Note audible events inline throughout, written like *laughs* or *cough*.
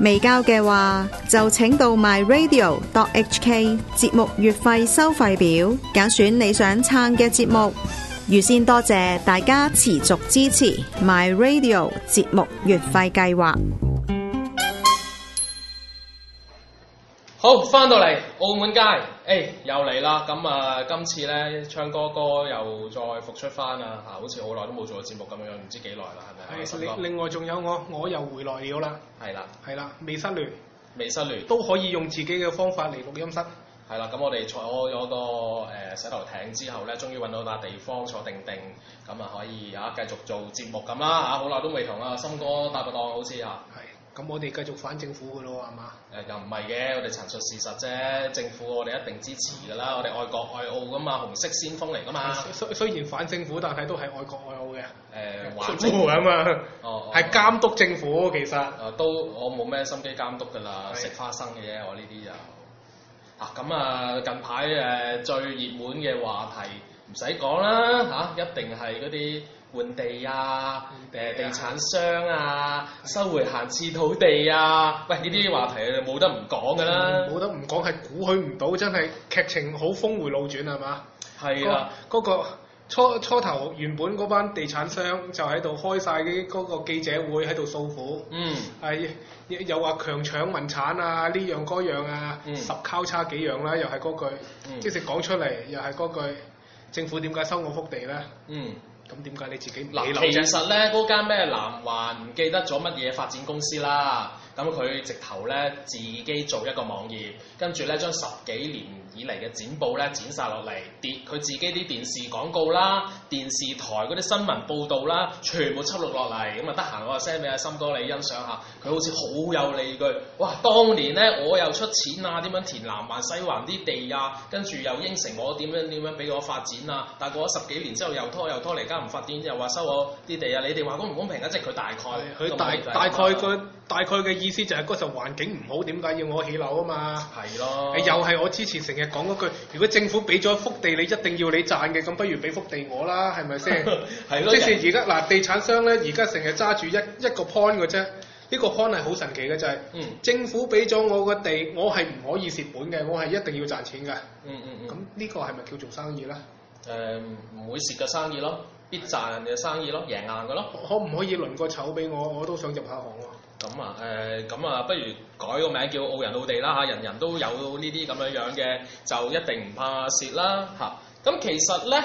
未交嘅話，就請到 myradio.hk 節目月費收費表，揀選你想撐嘅節目。預先多謝大家持續支持 myradio 節目月費計劃。好，返到嚟澳門街。誒、hey, 又嚟啦！咁啊，今次咧鏘哥哥又再復出翻啦嚇，好似好耐都冇做過節目咁樣，唔知幾耐啦，係咪？係另外仲有我，我又回來了啦。係啦的。係啦，未失聯。未失聯。都可以用自己嘅方法嚟錄音室。係啦，咁我哋坐咗有個洗頭、呃、艇之後咧，終於揾到笪地方坐定定，咁啊可以嚇繼、啊、續做節目咁啦嚇，好耐、啊、都未同啊森哥搭過檔，好似啊。咁我哋繼續反政府噶咯，係嘛？誒、呃、又唔係嘅，我哋陳述事實啫。政府我哋一定支持噶啦，我哋愛國愛澳噶嘛，紅色先鋒嚟噶嘛。雖雖然反政府，但係都係愛國愛澳嘅。誒、呃，反政府啊嘛，係、哦哦、監督政府、哦、其實。誒、呃、都，我冇咩心機監督噶啦，是食花生嘅啫，我呢啲就。啊咁啊，近排誒最熱門嘅話題唔使講啦，嚇、啊、一定係嗰啲。換地啊，誒地產商啊，收回閒置土地啊，喂！呢啲話題就冇得唔講㗎啦，嗯、冇得唔講係估佢唔到，真係劇情好峰回路轉係嘛？係啦，嗰、啊嗰個嗰個初初頭原本嗰班地產商就喺度開晒啲嗰個記者會喺度訴苦，嗯，係又話強搶民產啊，呢樣嗰樣啊，嗯、十交叉幾樣啦，又係嗰句，嗯、即係講出嚟又係嗰句，政府點解收我幅地咧？嗯。咁點解你自己唔？嗱，其實咧，嗰間咩南環唔記得咗乜嘢發展公司啦，咁佢直頭咧自己做一個網頁，跟住咧將十幾年。以嚟嘅剪報咧剪晒落嚟，跌佢自己啲電視廣告啦、電視台嗰啲新聞報導啦，全部輯錄落嚟，咁啊，得閒我 send 俾阿森哥你欣賞下。佢好似好有理據，哇！當年咧我又出錢啊，點樣填南環西環啲地啊，跟住又應承我點樣點樣俾我發展啊，但係過咗十幾年之後又拖又拖嚟，而家唔發展又話收我啲地啊，你哋話公唔公平啊？即係佢大概，佢大、啊、大概佢大概嘅意思就係、是、嗰時環境唔好，點解要我起樓啊嘛？係咯，又係我之前成日。講嗰句，如果政府俾咗幅地，你一定要你賺嘅，咁不如俾幅地我啦，係咪先？係咯 *laughs* 的。即係而家嗱， *laughs* 地產商咧，而家成日揸住一一個盤、這個啫，呢個盤係好神奇嘅就係、是，嗯、政府俾咗我個地，我係唔可以蝕本嘅，我係一定要賺錢㗎。嗯嗯嗯。咁呢個係咪叫做生意咧？誒、呃，唔會蝕嘅生意咯，必賺嘅生意咯，贏硬㗎咯。可唔可以輪個籌俾我？我都想入下行啊！咁啊，誒，咁、呃、啊，不如改個名叫澳人澳地啦嚇、啊，人人都有呢啲咁樣樣嘅，就一定唔怕蝕啦嚇。咁、啊啊嗯、其實咧，誒、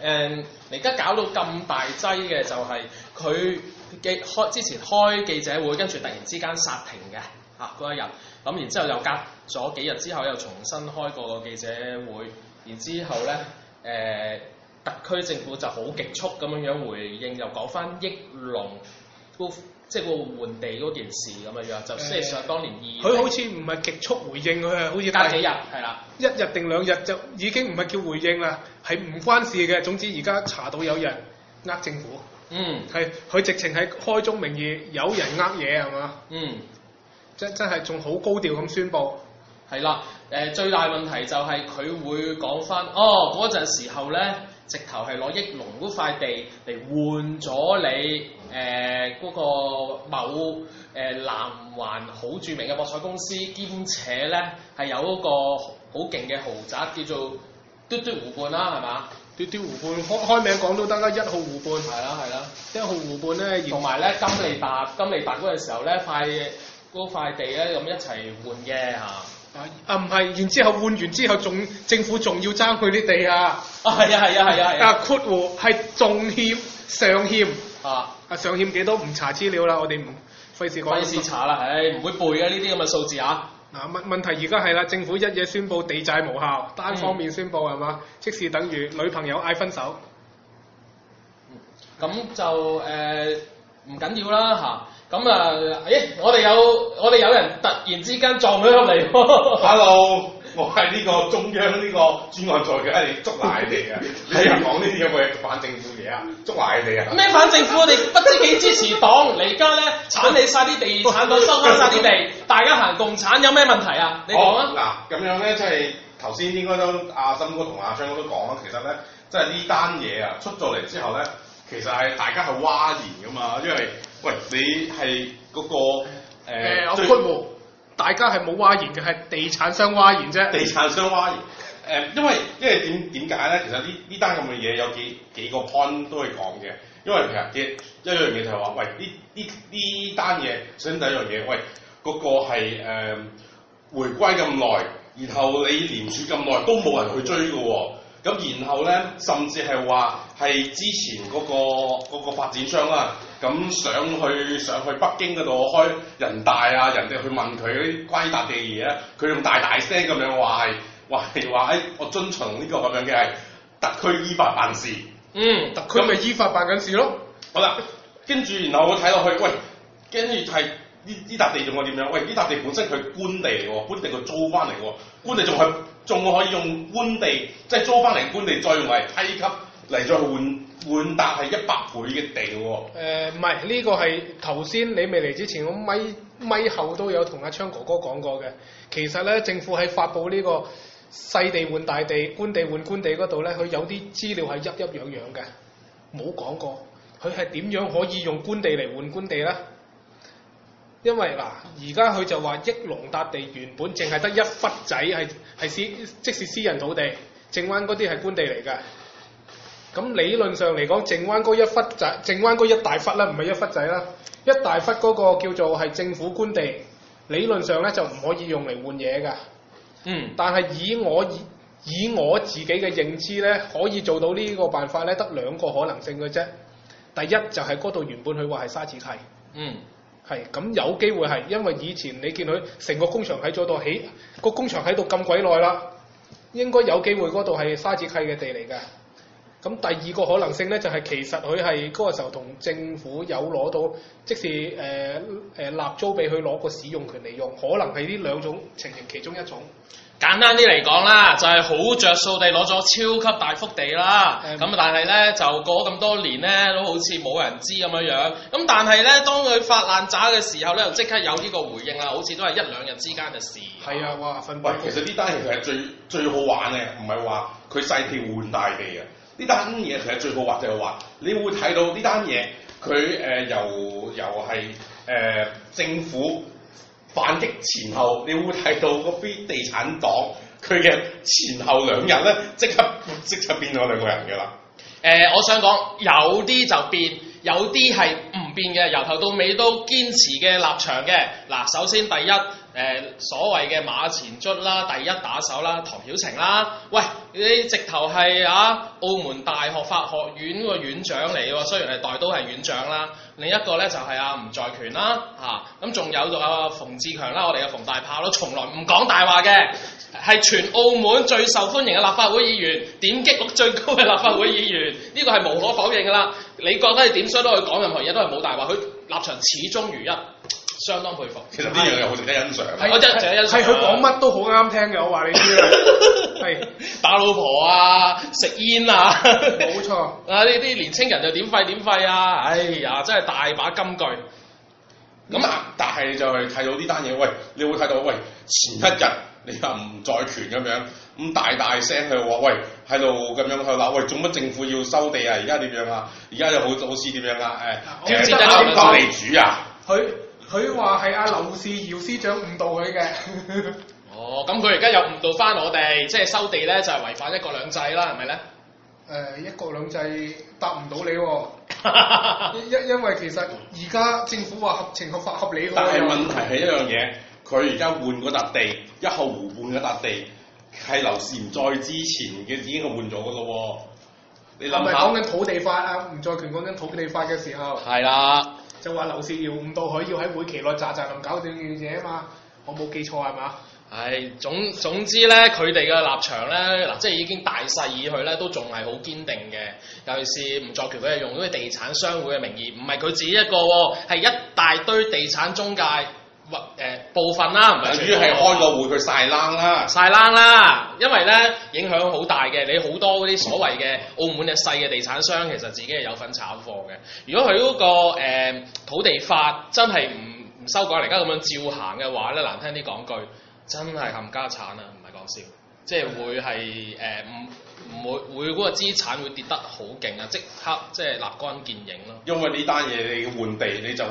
嗯，而家搞到咁大劑嘅就係佢記開之前開記者會，跟住突然之間煞停嘅嚇嗰一日，咁、啊、然之後又隔咗幾日之後又重新開過個記者會，然之後咧，誒、啊，特區政府就好極速咁樣樣回應，又講翻益隆即係換地嗰件事咁啊樣，就即係上當年二，佢、嗯、好似唔係極速回應，佢好似隔幾日，係啦，一日定兩日就已經唔係叫回應啦，係唔關事嘅。總之而家查到有人呃政府，嗯，係佢直情係開宗明義有人呃嘢啊嘛，嗯，即真真係仲好高調咁宣佈，係啦，誒、呃、最大問題就係佢會講翻，哦嗰陣時候咧。直頭係攞益隆嗰塊地嚟換咗你誒嗰，呃那個某誒南，呃，環好著名嘅博彩公司，兼且咧係有一個好勁嘅豪宅叫做嘟嘟湖畔啦，係嘛？嘟嘟湖畔開開名講都得啦，一號湖畔。係啦係啦，啊啊，一號湖畔咧，同埋咧金利達，金利達嗰陣時候咧塊嗰塊地咧咁一齊換嘅嚇。啊唔係，然之後換完之後，仲政府仲要爭佢啲地啊！啊係啊係啊係啊！啊括弧係仲欠尚欠啊！啊尚欠幾多？唔查資料啦，我哋唔費事講。費事查啦，唉，唔會背啊，呢啲咁嘅數字啊！嗱問、啊、問題而家係啦，政府一嘢宣布地債無效，單方面宣布係嘛、嗯？即是等於女朋友嗌分手。咁、嗯、就誒唔緊要啦嚇。啊咁啊，誒，我哋有我哋有人突然之間撞咗入嚟。Hello，我係呢個中央呢個專案在嘅，捉拿你哋啊！你啊，講呢啲有冇嘢反政府嘢啊？捉拿你哋啊！咩反政府？你不知幾支持黨，你而家咧剷你晒啲地，剷佢收翻晒啲地，大家行共產有咩問題啊？你講啊！嗱，咁樣咧，即係頭先應該都阿森哥同阿昌哥都講啦，其實咧，即係呢單嘢啊，出咗嚟之後咧，其實係大家係嘩然噶嘛，因為。喂，你係嗰、那個誒？誒，我括大家係冇嘩然嘅，係地產商嘩然啫。地產商嘩然，誒、呃，因為因為點點解咧？其實呢呢單咁嘅嘢有幾幾個 point 都可以講嘅。因為其實嘅一樣嘢就係、是、話，喂，呢呢呢單嘢先第一樣嘢，喂，嗰、那個係、呃、回歸咁耐，然後你連署咁耐都冇人去追嘅喎、哦，咁然後咧，甚至係話。係之前嗰個嗰個發展商啊，咁上去上去北京嗰度開人大啊，人哋去問佢啲關於地嘅嘢，佢用大大聲咁樣話係話係話誒，我遵從呢、呢個咁樣嘅係特區依法辦事。嗯，特區咪依那法辦緊事咯。好啦，跟住然後我睇落去，喂，跟住係呢呢沓地仲係點樣？喂，呢沓地本身佢官地嚟喎，官地佢租翻嚟喎，官地仲係仲可以用官地，即係租翻嚟官地再用嚟批給。嚟再換換笪係一百倍嘅地喎，哦。唔係呢個係頭先你未嚟之前，我咪咪後都有同阿鏘哥哥講過嘅。其實呢，政府喺發布呢個細地換大地，官地換官地嗰度呢，佢有啲資料係一一樣樣嘅，冇講過佢係點樣可以用官地嚟換官地呢？因為嗱，而家佢就話益龍笪地原本淨係得一忽仔係係私，即係私人土地，剩翻嗰啲係官地嚟㗎。咁理論上嚟講，靜灣嗰一忽仔，靜灣嗰一大忽啦，唔係一忽仔啦，一大忽嗰個叫做係政府官地，理論上咧就唔可以用嚟換嘢㗎。嗯。但係以我以我自己嘅認知咧，可以做到呢個辦法咧，得兩個可能性嘅啫。第一就係嗰度原本佢話係沙紙契。嗯。係，咁有機會係因為以前你見佢成個工場喺咗度，起個工場喺度咁鬼耐啦，應該有機會嗰度係沙紙契嘅地嚟㗎。咁第二個可能性咧，就係其實佢係嗰個時候同政府有攞到，即是誒誒立租俾佢攞個使用權嚟用，可能係呢兩種情形其中一種。簡單啲嚟講啦，就係、是、好着數地攞咗超級大幅地啦，咁、嗯、但係咧就過咗咁多年咧，都好似冇人知咁樣樣。咁但係咧，當佢發爛渣嘅時候咧，又即刻有呢個回應啦，好似都係一兩日之間嘅事。係、嗯、啊，哇！分唔喂其實呢單其實係最最好玩嘅，唔係話佢細地換大地啊。呢單嘢其實最好話就係話，你會睇到呢單嘢佢誒由由係誒、呃、政府反擊前後，你會睇到嗰批地產黨佢嘅前後兩日咧，即刻即刻變咗兩個人嘅啦。誒、呃，我想講有啲就變，有啲係唔變嘅，由頭到尾都堅持嘅立場嘅。嗱，首先第一。誒，所謂嘅馬前卒啦、第一打手啦、唐曉晴啦，喂，你直頭係啊，澳門大學法學院個院長嚟喎，雖然係代都係院長啦。另一個呢就係阿吳在權啦，嚇、啊，咁仲有就阿馮志強啦，我哋嘅馮大炮都從來唔講大話嘅，係全澳門最受歡迎嘅立法會議員，點擊率最高嘅立法會議員，呢、這個係無可否認㗎啦。你覺得你點衰都可以講任何嘢，都係冇大話，佢立場始終如一。相當佩服，其實呢樣又好值得欣賞。係佢講乜都好啱聽嘅，我話你知啦。打老婆啊，食煙啊，冇錯啊！呢啲年青人就點廢點廢啊！哎呀，真係大把金句。咁啊，但係就係睇到呢單嘢，喂，你會睇到喂，前一日你又唔在權咁樣咁大大聲去話喂，喺度咁樣去鬧喂，做乜政府要收地啊？而家點樣啊？而家又好好似點樣啊？誒，要設計啲地主啊，佢。佢話係阿劉仕堯司長誤導佢嘅。 *laughs* 哦，咁佢而家又誤導翻我哋，即係收地咧就係、是、違反一國兩制啦，係咪咧？誒、呃，一國兩制答唔到你喎、哦。因 *laughs* 因為其實而家政府話合情合法合理、哦，但係問題係一樣嘢，佢而家換個笪地，一號湖畔嘅笪地係劉仕堯在之前嘅已經係換咗嘅咯。你諗下？我咪講緊土地法啊，吳在權講緊土地法嘅時候。係啦。就話樓市搖唔到佢要喺會期內扎扎咁搞掂嘅嘢啊嘛，我冇記錯係嘛？係、哎、總總之咧，佢哋嘅立場咧，嗱即係已經大勢已去咧，都仲係好堅定嘅。尤其是吳在權，佢係用咗地產商會嘅名義，唔係佢自己一個喎、哦，係一大堆地產中介。或誒、呃、部分啦，唔係主要係開個會去晒冷啦，晒冷啦，因為咧影響好大嘅，你好多嗰啲所謂嘅澳門嘅細嘅地產商，其實自己係有份炒貨嘅。如果佢、那、嗰個、呃、土地法真係唔唔修改，而家咁樣照行嘅話咧，難聽啲講句，真係冚家產啊！唔係講笑，即係會係誒唔唔會會嗰個資產會跌得好勁啊！即刻即係立竿見影咯。因為呢單嘢你要換地你，你就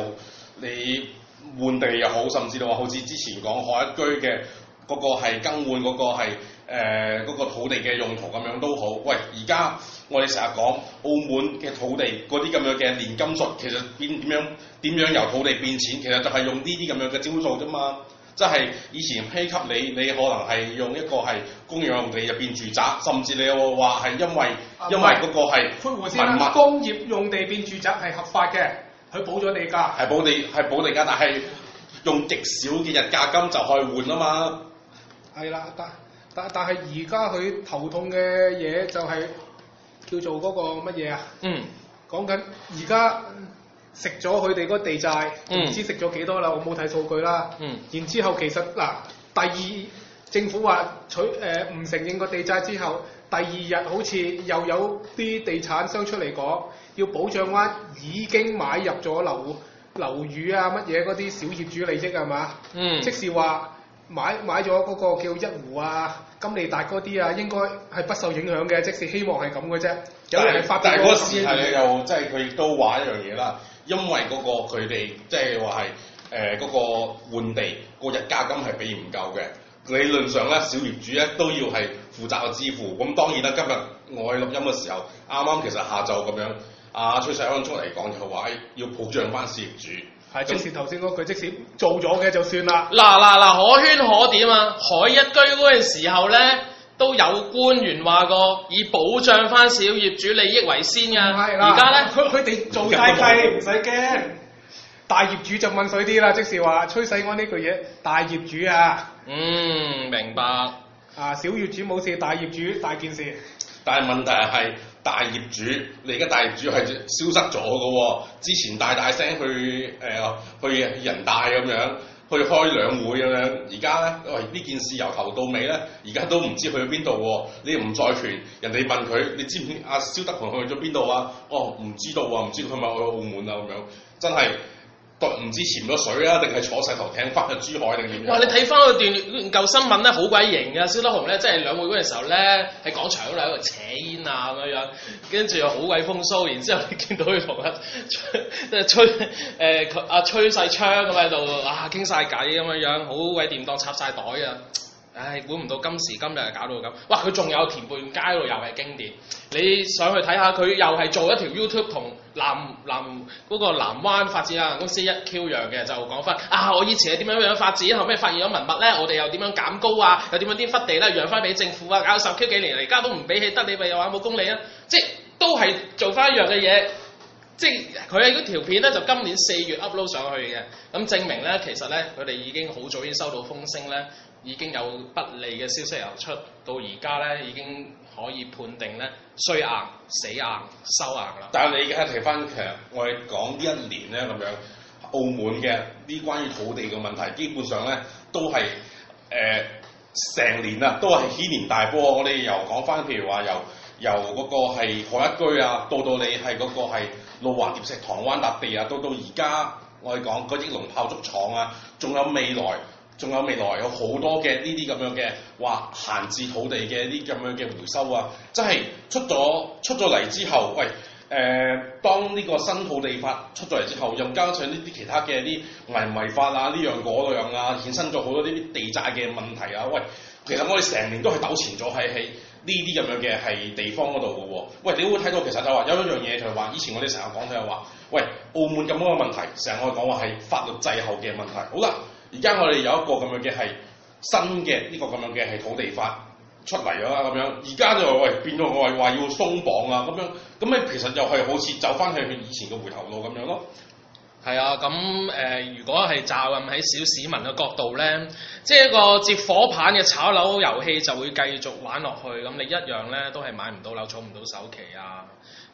你。換地又好，甚至你話好似之前講海一居嘅嗰、嗰個係更換嗰、嗰個係誒嗰個土地嘅用途咁樣都好。喂，而家我哋成日講澳門嘅土地嗰啲咁樣嘅年金術，其實變點樣點樣由土地變錢，其實就係用呢啲咁樣嘅招數啫嘛。即係以前批給你，你可能係用一個係工業用地入面住宅，甚至你又話係因為、啊、因為嗰個係闊、啊嗯、工業用地變住宅係合法嘅。佢保咗地價，係保地係保地價，但係用極少嘅日價金就可以換啊嘛。係啦、嗯，但但但係而家佢頭痛嘅嘢就係叫做嗰個乜嘢啊？嗯。講緊而家食咗佢哋嗰個地債，唔知食咗幾多啦，我冇睇數據啦。嗯。然之後其實嗱、啊，第二政府話取誒唔、呃、承認個地債之後。第二日好似又有啲地產商出嚟講，要保障翻已經買入咗樓樓宇啊乜嘢嗰啲小業主利益係嘛？嗯，即係話買買咗嗰個叫一湖啊、金利達嗰啲啊，應該係不受影響嘅，即係希望係咁嘅啫。但係但係嗰個事係又即係佢都話一樣嘢啦，因為嗰個佢哋即係話係誒嗰個換地嘅溢價金係俾唔夠嘅，理論上咧、嗯、小業主咧都要係。負責個支付，咁當然啦。今日我喺錄音嘅時候，啱啱其實下晝咁樣，阿、啊、崔世安出嚟講就話，要保障翻事業主。係、啊，就即使頭先嗰句，即使做咗嘅就算啦。嗱嗱嗱，可圈可點啊！海一居嗰陣時候咧，都有官員話過，以保障翻小業主利益為先㗎。係啦。而家咧，佢佢哋做曬計，唔使驚。大業主就問水啲啦，即使話崔世安呢句嘢，大業主啊。嗯，明白。啊！小業主冇事，大業主大件事。但係問題係大業主，你而家大業主係消失咗嘅喎。之前大大聲去誒、呃、去人大咁樣，去開兩會咁樣，而家咧，喂，呢件事由頭到尾咧，而家都唔知去咗邊度喎。你唔在權，人哋問佢，你知唔知阿蕭、啊、德雄去咗邊度啊？哦，唔知道喎、啊，唔知佢係咪去澳門啊？咁樣真係。唔知潛咗水啊，定係坐晒頭艇翻去珠海定點？哇！你睇翻嗰段舊新聞咧，好鬼型嘅，肖德雄咧，即係兩會嗰陣時候咧，喺廣場嗰度喺度扯煙啊咁樣樣，跟住又好鬼風騷，然之後你見到佢同阿即係崔誒阿崔世昌咁喺度啊傾晒偈咁樣樣，好鬼掂當插晒袋啊！唉，估唔到今時今日搞到咁。哇！佢仲有田半街嗰度又係經典，你上去睇下佢又係做一條 YouTube 同南南嗰、嗰個、南灣發展有限公司一 Q 樣嘅就講翻啊！我以前係點樣樣發展，後尾發現咗文物咧，我哋又點樣減高啊，又點樣啲忽地咧讓翻俾政府啊，搞十 Q 幾年嚟，而家都唔俾起得，你咪又話冇公理啊！即係都係做翻一樣嘅嘢，即係佢嗰條片咧就今年四月 upload 上去嘅，咁證明咧其實咧佢哋已經好早已經收到風聲咧。已經有不利嘅消息流出，到而家咧已經可以判定咧衰硬、死硬、收硬啦。但係你而家提翻其實我哋講呢一年咧咁樣，澳門嘅啲關於土地嘅問題，基本上咧都係誒成年啦，都係幾、呃、年牽連大波。我哋又講翻，譬如話由由嗰個係海一居啊，到到你係嗰個係路環疊石塘灣笪地啊，到到而家我哋講嗰啲龍炮竹廠啊，仲有未來。仲有未來有好多嘅呢啲咁樣嘅話閒置土地嘅呢啲咁樣嘅回收啊，即係出咗出咗嚟之後，喂，誒、呃，當呢個新土地法出咗嚟之後，又加上呢啲其他嘅啲違唔違法啊，呢樣嗰樣，樣啊，衍生咗好多呢啲地債嘅問題啊，喂，其實我哋成年都係糾纏咗喺喺呢啲咁樣嘅係地方嗰度嘅喎，喂，你會睇到其實就話有一樣嘢就係話，以前我哋成日講就係話，喂，澳門咁樣嘅問題，成日我哋講話係法律滯後嘅問題，好啦。而家我哋有一個咁樣嘅係新嘅呢、呢個咁樣嘅係土地法出嚟咗啦，咁樣而家就話喂變咗我話要鬆綁啊，咁樣咁咧其實又係好似走翻去佢以前嘅回頭路咁樣咯。係啊，咁誒、呃、如果係就咁喺小市民嘅角度咧，即係一個接火棒嘅炒樓遊戲就會繼續玩落去，咁你一樣咧都係買唔到樓，儲唔到首期啊，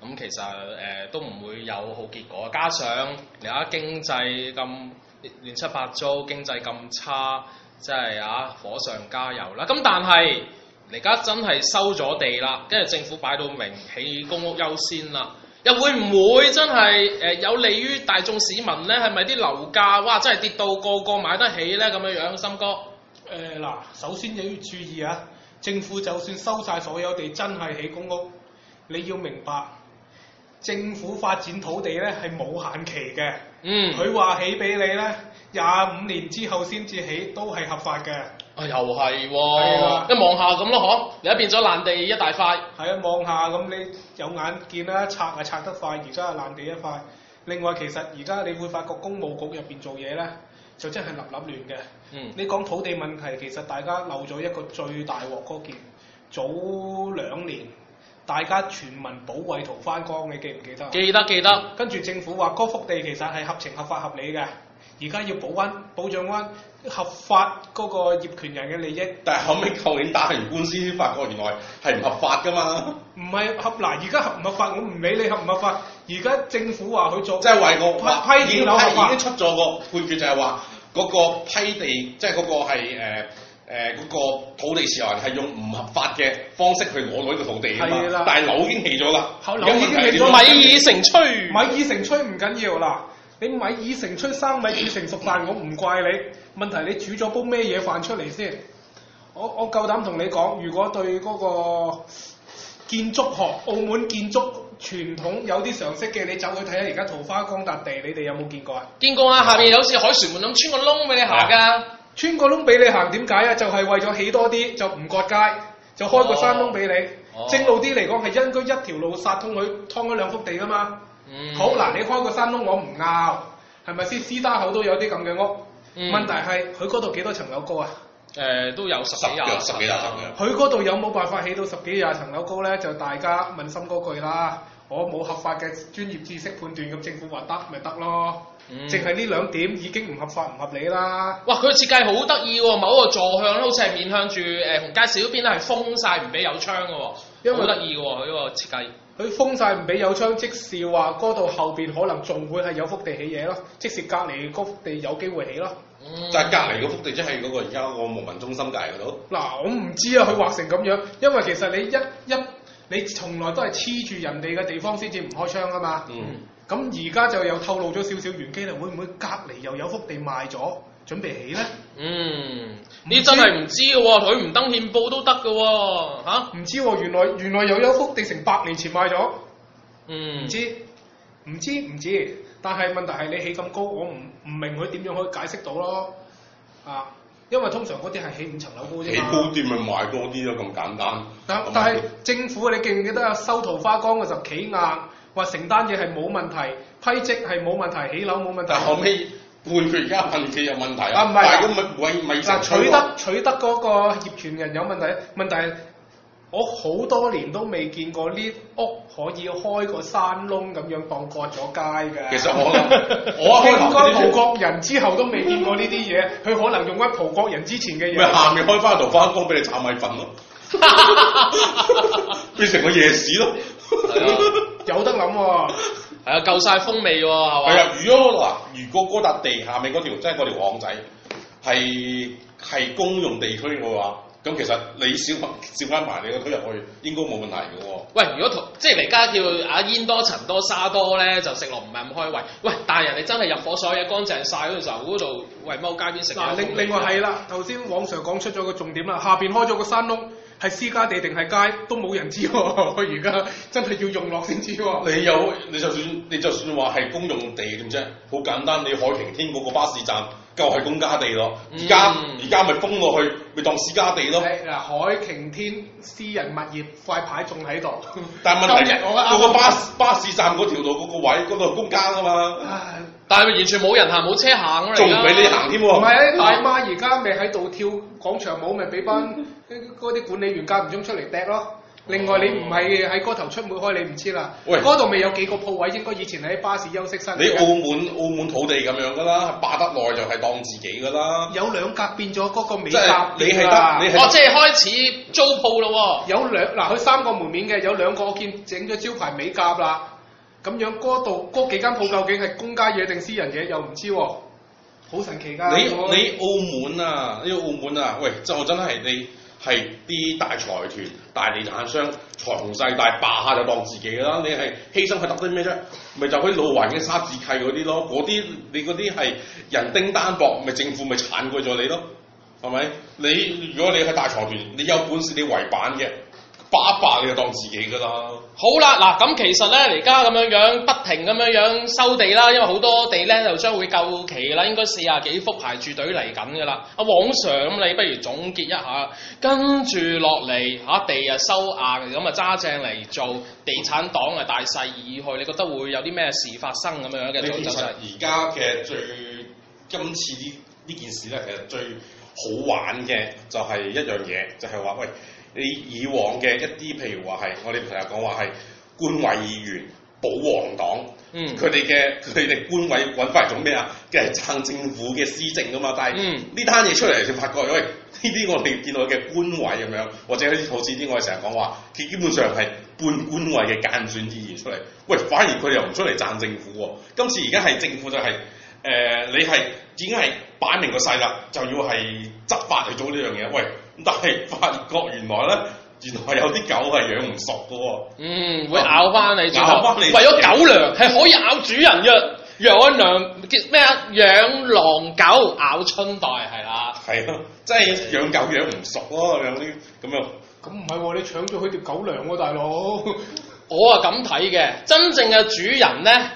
咁其實誒、呃、都唔會有好結果，加上而家經濟咁。亂七八糟，經濟咁差，真係啊火上加油啦！咁、啊、但係而家真係收咗地啦，跟住政府擺到明起公屋優先啦，又會唔會真係誒、呃、有利於大眾市民呢？係咪啲樓價哇真係跌到個個買得起呢？咁樣樣，森哥誒嗱、呃，首先你要注意啊，政府就算收晒所有地，真係起公屋，你要明白政府發展土地呢係冇限期嘅。嗯，佢話起俾你咧，廿五年之後先至起都係合法嘅。啊，又係喎、哦，啊嗯、一望下咁咯，嗬，而家變咗爛地一大塊。係啊，望下咁，你有眼見啦，拆啊拆得快，而家係爛地一塊。另外，其實而家你會發覺公務局入邊做嘢呢，就真係立立亂嘅。嗯。你講土地問題，其實大家漏咗一個最大鑊嗰件，早兩年。大家全民保衞逃翻光，你記唔記，記得？記得記得，跟住政府話嗰幅地其實係合情合法合理嘅，而家要保溫保障溫合法嗰個業權人嘅利益。但係後屘舊年打完官司先發覺原來係唔合法噶嘛。唔係合嗱，而家合唔合法我唔理你合唔合法，而家政府話佢做即為我批批，批地樓為已經出咗個判決就，就係話嗰個批地即係嗰個係誒誒嗰、呃那個土地事源係用唔合法嘅方式去攞到呢個土地啊嘛，的但係樓已經起咗啦，樓已經起咗，米已成炊，米已成炊唔緊要啦，你米已成炊生米煮成熟飯我唔怪你，問題你煮咗煲咩嘢飯出嚟先？我我夠膽同你講，如果對嗰個建築學、澳門建築傳統有啲常識嘅，你走去睇下而家桃花江笪地，你哋有冇見過啊？見過啊，下邊有似海船門咁穿個窿俾你行㗎。啊穿個窿俾你行點解啊？就係、是、為咗起多啲，就唔割街，就開個山窿俾你。正路啲嚟講，係因佢一條路殺通佢劏咗兩幅地噶嘛。Mm. 好嗱，你開個山窿我唔拗，係咪先？司打口都有啲咁嘅屋。Mm. 問題係佢嗰度幾多層樓高啊？誒、嗯，都有十幾廿、十幾廿層嘅。佢嗰度有冇辦法起到十幾廿層樓高咧？就大家問心嗰句啦。我冇合法嘅專業知識判斷，咁政府話得咪得咯。淨係呢兩點已經唔合法唔合理啦。哇！佢設計好得意喎，某一個座向好似係面向住誒紅街市邊咧，係封晒唔俾有窗嘅喎。因為好得意嘅喎，呢個設計。佢封晒唔俾有窗，即係話嗰度後邊可能仲會係有幅地起嘢咯，即係隔離嗰幅地有機會起咯。但係隔離嗰幅地，即係嗰個而家個無人中心界嗰度。嗱、嗯，我唔知啊，佢畫成咁樣，因為其實你一一,一你從來都係黐住人哋嘅地方先至唔開窗㗎嘛。嗯。咁而家就又透露咗少少玄機啦，會唔會隔離又有幅地賣咗，準備起咧？嗯，你真係唔知嘅喎、哦，佢唔登憲報都得嘅喎，唔、啊、知喎、哦，原來原來又有幅地成百年前賣咗。嗯。唔知，唔知，唔知。但係問題係你起咁高，我唔唔明佢點樣可以解釋到咯。啊，因為通常嗰啲係起五層樓高啫，起高啲咪賣多啲咯，咁、嗯、簡單。但但係政府，你記唔記得啊？收桃花崗嘅時候企硬。話承擔嘢係冇問題，批積係冇問題，起樓冇問題。但後尾判佢而家判佢有問題。唔係，但係咁未未係取得取得嗰個業權人有問題。問題係我好多年都未見過呢屋可以開個山窿咁樣當割咗街嘅。其實可能我開頭啲葡國人之後都未見過呢啲嘢，佢可能用返葡國人之前嘅嘢。咪下面開翻度返工俾你炒米粉咯，變成個夜市咯。有得諗喎、啊， *laughs* *laughs* 啊，夠晒風味喎、啊， *laughs* 啊，如果嗱，如果嗰笪地下面嗰、那個、條，即係嗰條巷仔，係係公用地區嘅話，咁其實你少份少照翻埋你個區入去，應該冇問題嘅喎、啊。 *laughs* 喂，如果同即係而家叫啊煙多塵多沙多咧，就食落唔係咁開胃。喂，但係人哋真係入火水嘢乾淨晒嗰陣時候，嗰度喂踎街邊食、啊。嗱，另另外係啦，頭先黃 Sir 講出咗個重點啦，下邊開咗個山窿。係私家地定係街，都冇人知喎、哦。我而家真係要用落先知喎、哦。你有你就算你就算話係公用地點啫？好簡單，你海擎天嗰個巴士站就係公家地咯。而家而家咪封落去，咪、嗯、當私家地咯。嗱，海擎天私人物業塊牌仲喺度。 *laughs* 但係問題，個個巴士，巴士站嗰條路嗰個位，嗰、那、度、個那個、公家㗎嘛。唉。但係完全冇人行，冇車行仲唔俾你行添喎？唔係啊，大媽而家咪喺度跳廣場舞，咪俾班啲嗰啲管理員間唔中出嚟趯咯。嗯、另外你唔係喺嗰頭出門開，你唔知啦。嗰度未有幾個鋪位？應該以前喺巴士休息室。你澳門，澳門，澳門土地咁樣㗎啦，霸得耐就係當自己㗎啦。有兩格變咗嗰個美甲啦你係得，得我即係開始租鋪咯。有兩嗱，佢、啊、三個門面嘅有兩個我見，我整咗招牌美甲啦。咁樣嗰度嗰幾間鋪究竟係公家嘢定私人嘢，又唔知喎、啊，好神奇㗎！你我你澳門啊，呢個澳門啊，喂，就真係你係啲大財團、大地產商，財雄勢大，霸下就當自己㗎啦。你係犧牲佢得啲咩啫？咪就佢老環嘅沙紙契嗰啲咯，嗰啲你嗰啲係人丁單薄，咪政府咪剷過咗你咯，係咪？你如果你係大財團，你有本事你圍板嘅。八一八你就當自己噶啦。好啦，嗱咁其實咧，而家咁樣樣不停咁樣樣收地啦，因為好多地咧就將會夠期啦，應該四啊幾幅排住隊嚟緊噶啦。啊，黃 Sir 咁你不如總結一下，跟住落嚟嚇地啊收硬咁啊揸正嚟做地產黨啊、嗯、大勢已去，你覺得會有啲咩事發生咁樣樣嘅？你其實而家嘅最今次呢件事咧，其實最好玩嘅就係一樣嘢，就係、是、話喂。你以往嘅一啲，譬如話係我哋成日講話係官委議員、保皇黨，嗯，佢哋嘅佢哋官委揾翻嚟做咩啊？係撐政府嘅施政噶嘛，但係呢單嘢出嚟就發覺，喂，呢啲我哋見到嘅官委咁樣，或者好似啲我哋成日講話，佢基本上係半官委嘅間選議員出嚟，喂，反而佢哋又唔出嚟撐政府、啊。今次而家係政府就係、是、誒、呃，你係已經係擺明個勢啦，就要係執法去做呢樣嘢，喂。但係發覺原來咧，原來有啲狗係養唔熟嘅喎、啊。嗯，會咬翻你，你，為咗狗糧係可以咬主人嘅。養糧叫咩啊？養、嗯、狼狗咬春袋係啦。係咯，即係養狗養唔熟咯、啊，有啲咁樣。咁唔係喎，你搶咗佢條狗糧喎、啊，大佬。 *laughs* 我啊咁睇嘅，真正嘅主人咧。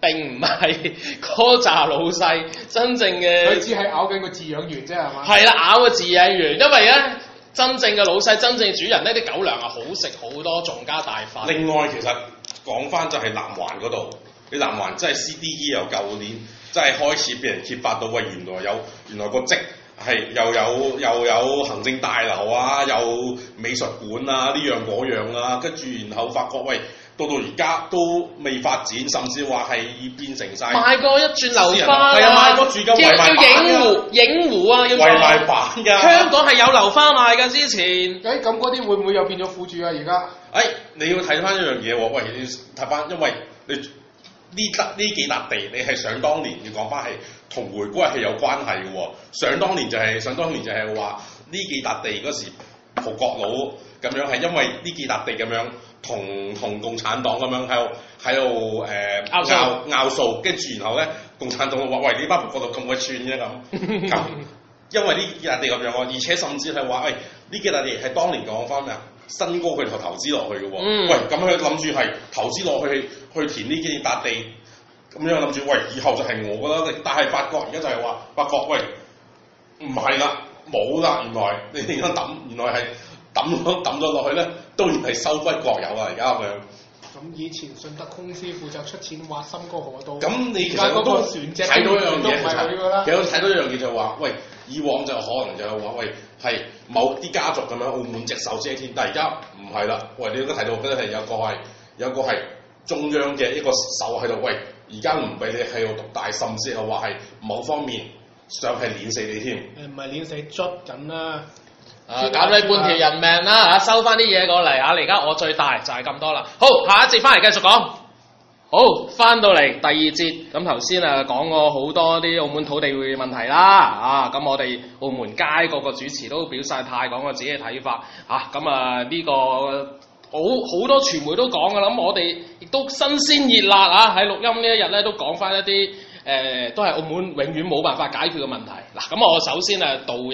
並唔係嗰扎老細真正嘅，佢 *laughs* 只係咬緊個飼養員啫係嘛？係啦吧，咬個飼養員，因為咧真正嘅老細、真正，真正主人呢啲狗糧啊好食好多，仲加大份。另外其實講翻就係南環嗰度，你南環真係 C D E 又舊年真係開始畀人揭發到，喂原來有原來個積係又有又有，有，有行政大樓啊，有美術館啊呢樣嗰樣啊，跟住然、然後發覺喂。到到而家都未發展，甚至話係要變成晒。賣過一轉樓花，係啊賣個住金圍、啊、賣板影湖影湖啊，要圍賣板噶、啊。賣板啊、香港係有樓花賣噶之前，誒咁嗰啲會唔會又變咗富住啊？而家誒你要睇翻一樣嘢喎，喂，睇翻，因為你呢笪呢幾笪地，你係想當年你講翻係同回歸係有關係嘅喎。想當年就係、是、想當年就係話呢幾笪地嗰時葡國佬咁樣，係因為呢幾笪地咁樣。同同共產黨咁樣喺度喺度誒拗拗數，跟住然後咧共產黨話：喂，呢班人過到咁鬼串啫咁。因為呢幾笪地咁樣而且甚至係話：喂，呢幾笪地係當年講翻咩啊？新高佢頭投資落去嘅喎。嗯、喂，咁佢諗住係投資落去去填呢幾笪地，咁樣諗住：喂，以後就係我啦。但係發覺而家就係話：發覺喂，唔係啦，冇啦，原來你點解抌？原來係。抌抌咗落去咧，當然係收歸國有啊。而家咁樣。咁以前順德公司負責出錢挖深嗰個道，但你個船隻，睇到一樣嘢就係、其實睇到一樣嘢就係、是、話，喂，以往就可能就係話喂，係某啲家族咁樣，澳門隻手遮天，但係而家唔係啦，喂，你都睇到，我覺得係有個係，有個係中央嘅一個手喺度，喂，而家唔俾你喺度獨大，甚至係話係某方面想係碾死你添。誒唔係碾死捉緊啦。啊！減你半條人命啦嚇、啊，收翻啲嘢過嚟嚇。而、啊、家我最大就係咁多啦。好，下一節翻嚟繼續講。好，翻到嚟第二節咁頭先啊，講過好多啲澳門土地嘅問題啦啊。咁我哋澳門街個個主持都表晒態，講過自己嘅睇法嚇。咁啊呢、啊呢個好好多傳媒都講嘅。咁我哋亦都新鮮熱辣啊！喺錄音一呢一日咧都講翻一啲。誒，都係澳門永遠冇辦法解決嘅問題。嗱，咁我首先啊導入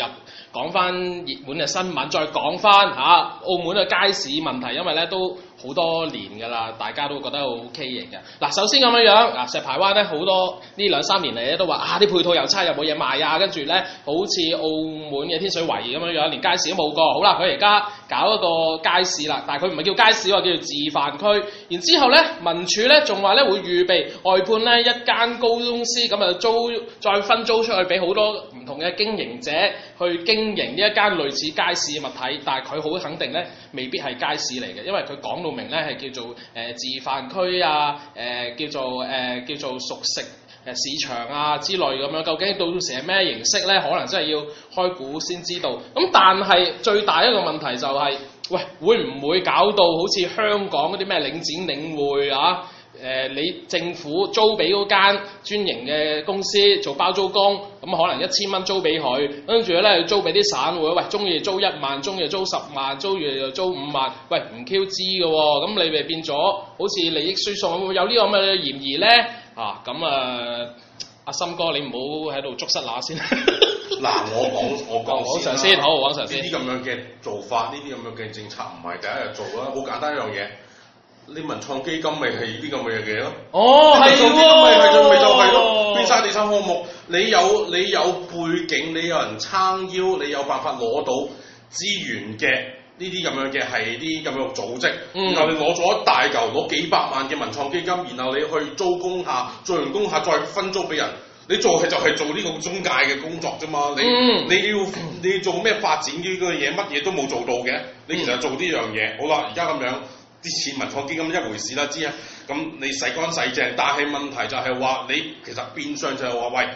講翻熱門嘅新聞，再講翻吓澳門嘅街市問題，因為咧都。好多年㗎啦，大家都覺得好畸形嘅。嗱，首先咁樣樣，嗱，石排灣咧好多呢兩三年嚟咧都話啊啲配套又差又冇嘢賣啊，跟住咧好似澳門嘅天水圍咁樣樣，連街市都冇個。好啦，佢而家搞一個街市啦，但係佢唔係叫街市喎，叫做自販區。然之後呢，民署呢仲話咧會預備外判呢一間高公司咁啊，租再分租出去俾好多唔同嘅經營者。去經營呢一間類似街市嘅物體，但係佢好肯定呢未必係街市嚟嘅，因為佢講到明呢係叫做誒、呃、自販區啊，誒、呃、叫做誒、呃、叫做熟食市場啊之類咁樣。究竟到時係咩形式呢？可能真係要開估先知道。咁但係最大一個問題就係、是，喂，會唔會搞到好似香港嗰啲咩領展領匯啊？誒、呃，你政府租俾嗰間專營嘅公司做包租公，咁可能一千蚊租俾佢，跟住咧，租俾啲散戶，喂，鍾意租一萬，鍾意租十萬，鍾意租完租五萬，喂，唔 Q 支嘅喎，咁、嗯、你咪變咗好似利益輸送，有呢、這個咩、這個、嫌疑咧？啊，咁、嗯、啊，阿、啊、森哥，你唔好喺度捉失那先。嗱，我講我講先啦 *laughs* 好。講常先，好講常先。呢啲咁樣嘅做法，呢啲咁樣嘅政策唔係第一日做啦，好簡單一樣嘢。你文創基金咪係啲咁嘅嘢咯？哦，你做基金咪係咪就係咯，變曬第三項目。你有你有背景，你有人撐腰，你有辦法攞到資源嘅呢啲咁樣嘅係啲咁樣嘅組織。嗯、然後你攞咗一大嚿，攞幾百萬嘅文創基金，然後你去租工廈，做完工廈再分租俾人。你做係就係做呢個中介嘅工作啫嘛。你你要你要做咩發展呢個嘢？乜嘢都冇做到嘅。你其實做呢樣嘢好啦，而家咁樣。啲錢民房基金一回事啦，知啊？咁你洗乾洗淨，但係問題就係話你其實變相就係話，喂，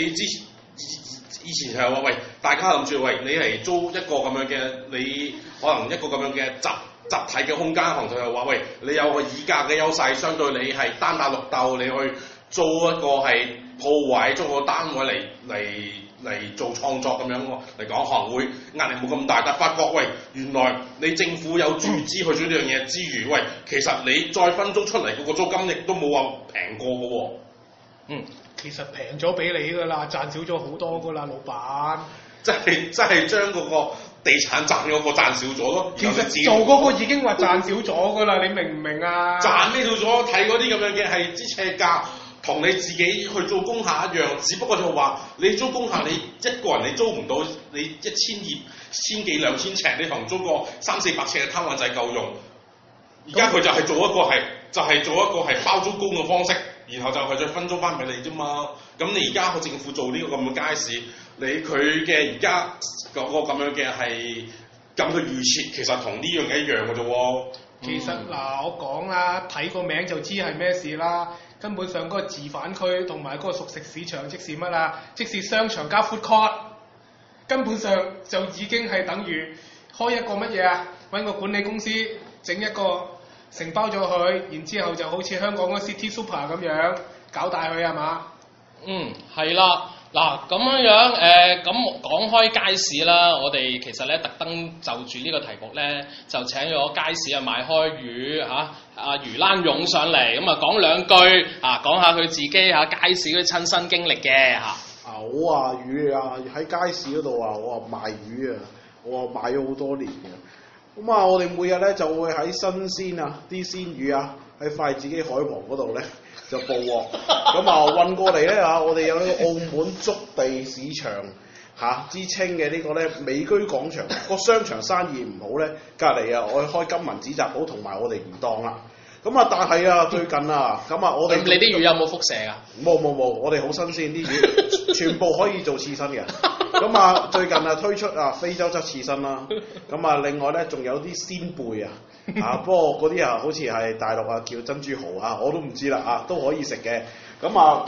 你之以以前就係話，喂，大家諗住，喂，你嚟租一個咁樣嘅，你可能一個咁樣嘅集集體嘅空間，可能就係話，喂，你有個議價嘅優勢，相對你係單打獨鬥，你去租一個係鋪位，租個單位嚟嚟。嚟做創作咁樣喎，嚟講可能會壓力冇咁大，但係發覺喂，原來你政府有注資、嗯、去咗呢樣嘢之餘，喂，其實你再分租出嚟嗰個租金亦都冇話平過㗎喎。嗯，其實平咗俾你㗎啦，賺少咗好多㗎啦，老闆。即係即係將嗰個地產賺嗰個賺少咗咯。其實做嗰個已經話賺少咗㗎啦，嗯、你明唔明啊？賺呢度咗？睇嗰啲咁樣嘅係支尺價。同你自己去做工廈一樣，只不過就話你租工廈，你一個人你租唔到，你一千二千幾兩千尺，你同租個三四百尺嘅攤位仔夠用。而家佢就係做一個係，就係、是、做一個係包租公嘅方式，然後就係再分租翻俾你啫嘛。咁你而家個政府做呢個咁嘅街市，你佢嘅而家個個咁樣嘅係咁嘅預設，其實同呢樣嘅一樣嘅啫喎。嗯、其實嗱，我講啦，睇個名就知係咩事啦。根本上嗰個自販區同埋嗰個熟食市場，即是乜啦？即是商場加 food court，根本上就已經係等於開一個乜嘢啊？揾個管理公司整一個承包咗佢，然之後就好似香港嗰 City Super 咁樣搞大佢係嘛？嗯，係啦。嗱咁樣、呃、樣誒，咁講開街市啦，我哋其實咧特登就住呢個題目咧，就請咗街市啊賣開魚嚇，阿、啊啊、魚欄湧上嚟，咁、嗯、啊講兩句啊，講下佢自己嚇、啊、街市嗰啲親身經歷嘅嚇。牛啊魚啊，喺街市嗰度啊，我啊，魚啊，啊，我話賣魚啊，我話賣咗好多年嘅。咁啊，我哋、啊啊、每日咧就會喺新鮮啊啲鮮魚啊，喺筷子基海旁嗰度咧。就暴獲，咁啊運過嚟咧嚇，我哋有呢個澳門築地市場嚇、啊、之稱嘅呢個咧美居廣場個商場生意唔好咧，隔離啊我去開金銀紙紮舖同埋我哋魚檔啦。咁啊，但係啊，最近啊，咁 *laughs* 啊，我哋你啲魚有冇輻射啊？冇冇冇，我哋好新鮮啲魚，全部可以做刺身嘅。咁 *laughs* 啊，最近啊推出啊非洲鯽刺身啦。咁啊，另外咧仲有啲鮮貝啊，啊不過嗰啲啊好似係大陸啊叫珍珠蠔啊，我都唔知啦啊，都可以食嘅。咁啊，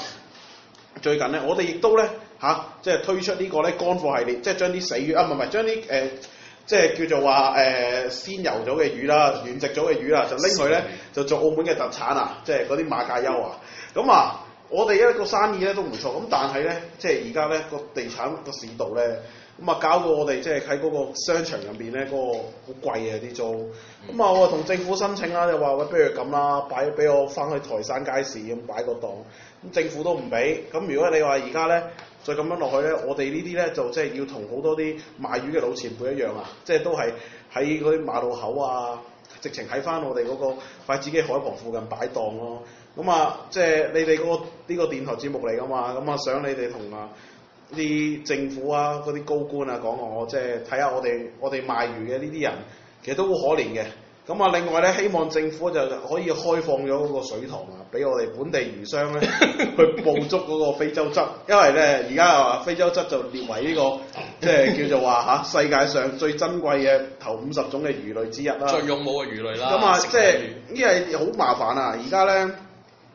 最近咧我哋亦都咧嚇，即係推出呢個咧乾貨系列，即係將啲死魚啊唔係唔係將啲誒。即係叫做話誒、呃、鮮遊咗嘅魚啦，原殖咗嘅魚啦，就拎去咧就做澳門嘅特產啊！即係嗰啲馬介休啊！咁啊，我哋一個生意咧都唔錯，咁但係咧即係而家咧個地產個市道咧，咁啊搞到我哋即係喺嗰個商場入邊咧嗰個好、嗰個、貴啊啲、嗰個、租，咁啊我同政府申請啦，就話喂，不如咁啦，擺俾我返去台山街市咁擺個檔，咁政府都唔俾，咁如果你話而家咧。再咁樣落去呢，我哋呢啲呢，就即係要同好多啲賣魚嘅老前輩一樣啊，即係都係喺嗰啲馬路口啊，直情喺翻我哋嗰個筷子基海旁附近擺檔咯。咁啊，即係你哋嗰個呢個電台節目嚟㗎嘛？咁啊，想你哋同啊啲政府啊嗰啲高官啊講我，即係睇下我哋我哋賣魚嘅呢啲人，其實都好可憐嘅。咁啊，另外咧，希望政府就可以開放咗嗰個水塘啊，俾我哋本地漁商咧 *laughs* 去捕捉嗰個非洲鯽，因為咧而家啊，非洲鯽就列為呢、這個即係 *laughs* 叫做話吓世界上最珍貴嘅頭五十種嘅魚類之一啦。最勇武嘅魚類啦。咁啊，即係依係好麻煩啊！而家咧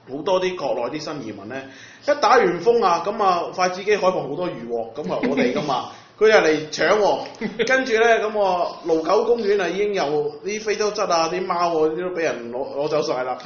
好多啲國內啲新移民咧，一打完風啊，咁啊筷子基海旁好多魚獲，咁啊，我哋噶嘛。 *laughs* 佢又嚟搶喎，跟住呢，咁我盧九公園啊，已經有啲非洲鯽都 *laughs* 啊，啲貓嗰啲都俾人攞攞走晒啦，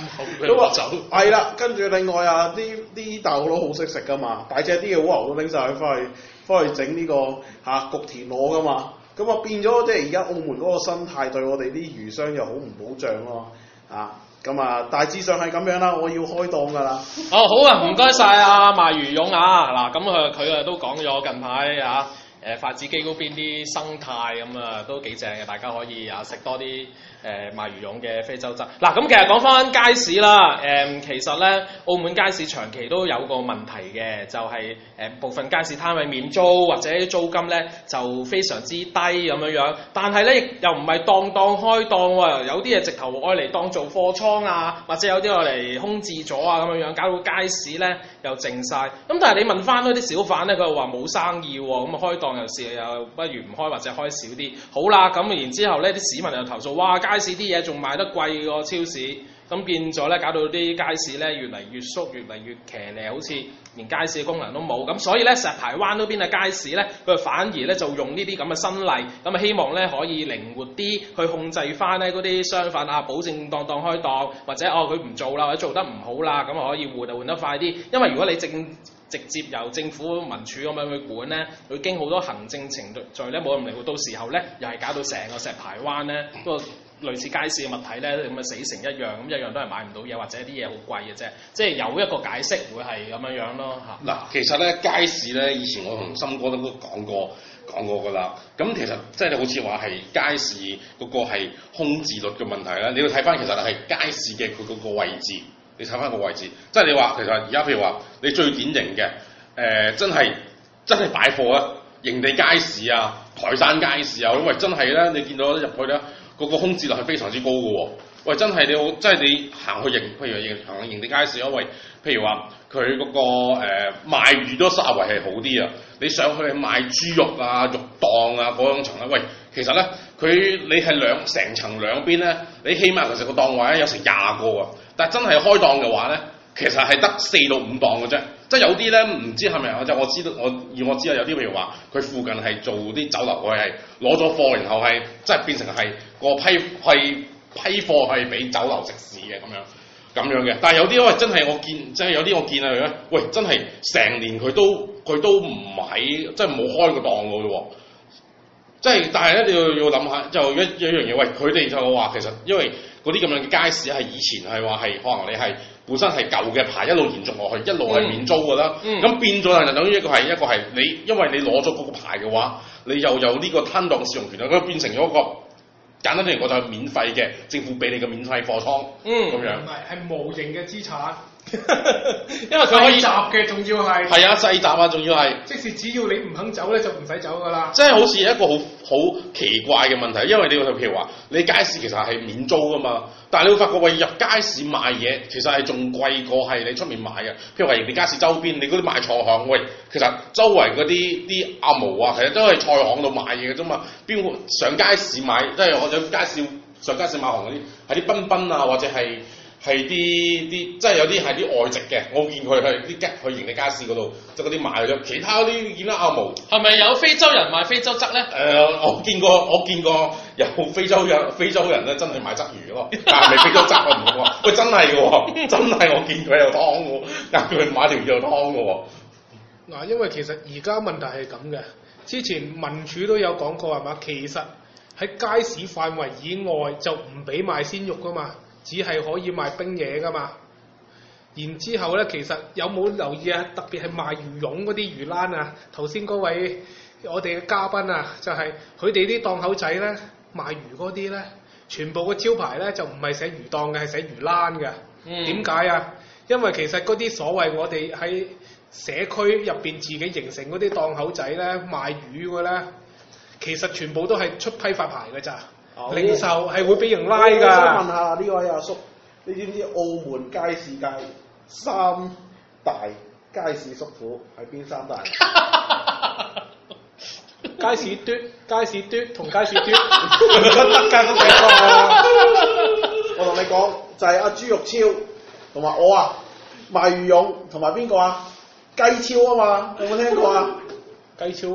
都話走係啦。跟住另外啊，啲啲大陸佬好識食噶嘛，大隻啲嘅蝸牛都拎晒翻去翻去整呢個嚇焗田螺噶嘛。咁啊變咗即係而家澳門嗰個生態對我哋啲魚商又好唔保障咯，啊。啊咁啊，大致上係咁樣啦。我要開檔噶啦。 *laughs* 哦好啊，唔該晒啊賣魚勇啊嗱，咁佢佢啊都講咗近排啊。誒，筷子基嗰邊啲生態咁啊，都幾正嘅，大家可以啊食多啲。誒、嗯、賣魚勇嘅非洲側嗱，咁、啊、其實講翻街市啦，誒、嗯、其實呢，澳門街市長期都有個問題嘅，就係、是、誒、呃、部分街市攤位免租或者租金呢就非常之低咁樣樣，但係呢，又唔係當當開檔喎，有啲嘢直頭愛嚟當做貨倉啊，或者有啲愛嚟空置咗啊咁樣樣，搞到街市呢又靜晒。咁但係你問翻嗰啲小販呢，佢又話冇生意喎，咁、哦、啊開檔又試又不如唔開或者開少啲。好啦，咁然之後呢啲市民又投訴，哇！街市啲嘢仲賣得貴過超市，咁變咗咧，搞到啲街市咧越嚟越縮，越嚟越騎呢，好似連街市嘅功能都冇。咁所以咧，石排灣嗰邊嘅街市咧，佢反而咧就用呢啲咁嘅新例，咁啊希望咧可以靈活啲去控制翻咧嗰啲商販啊，保證檔檔開檔，或者哦佢唔做啦，或者做得唔好啦，咁啊可以換就換得快啲。因為如果你政直接由政府民署咁樣去管咧，佢經好多行政程序咧冇咁靈活，到時候咧又係搞到成個石排灣咧嗰類似街市嘅物體咧，咁啊死成一樣，咁一樣都係買唔到嘢，或者啲嘢好貴嘅啫。即係有一個解釋會係咁樣樣咯，嚇嗱。其實咧，街市咧，以前我同森哥都講過講過㗎啦。咁其實即係你好似話係街市嗰個係空置率嘅問題咧，你要睇翻其實係街市嘅佢嗰個位置，你睇翻個位置，即係你話其實而家譬如話你最典型嘅誒，真係真係擺貨啊，營地街市啊，台山街市啊，喂，真係啦，你見到入去咧。個個空置率係非常之高嘅喎，喂，真係你好，真係你行去營，譬如行去營地街市，因為喂，譬如話佢嗰個誒、呃、賣魚都稍為係好啲啊，你上去賣豬肉啊、肉檔啊嗰種層啦，喂，其實咧佢你係兩成層兩邊咧，你起碼其實個檔位有成廿個啊，但係真係開檔嘅話咧，其實係得四到五檔嘅啫。即係有啲咧，唔知係咪？我即我知道，我以我知啊，有啲譬如話，佢附近係做啲酒樓，我係攞咗貨，然後係即係變成係個批係批貨係俾酒樓食肆嘅咁樣咁樣嘅。但係有啲喂，真係我見，真係有啲我見啊，佢喂，真係成年佢都佢都唔喺，即係冇開個檔嘅喎。即係但係咧，你要要諗下，就一一樣嘢，喂，佢哋就話其實，因為嗰啲咁樣嘅街市係以前係話係可能你係。本身係舊嘅牌一路延續落去，一路係免租㗎啦。咁、嗯、變咗就等於一個係一個係你，因為你攞咗嗰個牌嘅話，你又有呢個攤檔嘅使用權，啦。佢變成咗一個簡單啲嚟講就係免費嘅政府俾你嘅免費貨倉，嗯咁樣，係係無形嘅資產。 *laughs* 因為佢可以集嘅，仲要係係啊，細集啊，仲要係。即使只要你唔肯走咧，就唔使走噶啦。即係好似一個好好奇怪嘅問題，因為你話譬如話，你街市其實係免租噶嘛，但係你會發覺喂，入街市買嘢，其實係仲貴過係你出面買嘅。譬如話，人哋街市周邊你嗰啲賣菜行喂，其實周圍嗰啲啲阿毛啊，其實都係菜行度買嘢嘅啫嘛。邊個上街市買，即係我上街市，上街市買行嗰啲喺啲賓賓啊，或者係。係啲啲，即係有啲係啲外籍嘅，我見佢去啲吉去營地街市嗰度，即嗰啲賣咗。其他啲見到阿毛，係咪有非洲人賣非洲鯽咧？誒、呃，我見過，我見過有非洲人，非洲人咧真係賣鯽魚喎，但係未非洲鯽啊唔喎，喂、 *laughs* 哦，真係嘅喎，真係我見佢有湯嘅，但係佢買條魚有湯嘅喎、哦。嗱、啊，因為其實而家問題係咁嘅，之前民署都有講過係嘛？其實喺街市範圍以外就唔俾賣鮮肉㗎嘛。只係可以賣冰嘢噶嘛，然之後呢，其實有冇留意啊？特別係賣魚勇嗰啲魚欄啊，頭先嗰位我哋嘅嘉賓啊，就係佢哋啲檔口仔呢。賣魚嗰啲呢，全部個招牌呢，就唔係寫魚檔嘅，係寫魚欄嘅。點解、嗯、啊？因為其實嗰啲所謂我哋喺社區入邊自己形成嗰啲檔口仔呢，賣魚嘅呢，其實全部都係出批發牌㗎咋。領袖係會俾人拉㗎。我想問下呢位阿、啊、叔，你知唔知澳門街市界三大街市叔父喺邊三大？ *laughs* 街市嘟，街市嘟，同街市嘟。 *laughs* *laughs* 得街 *laughs* *laughs* *laughs* 我同你講，就係阿豬肉超同埋我啊，賣魚勇同埋邊個啊？雞超啊嘛，有冇聽過啊？雞超，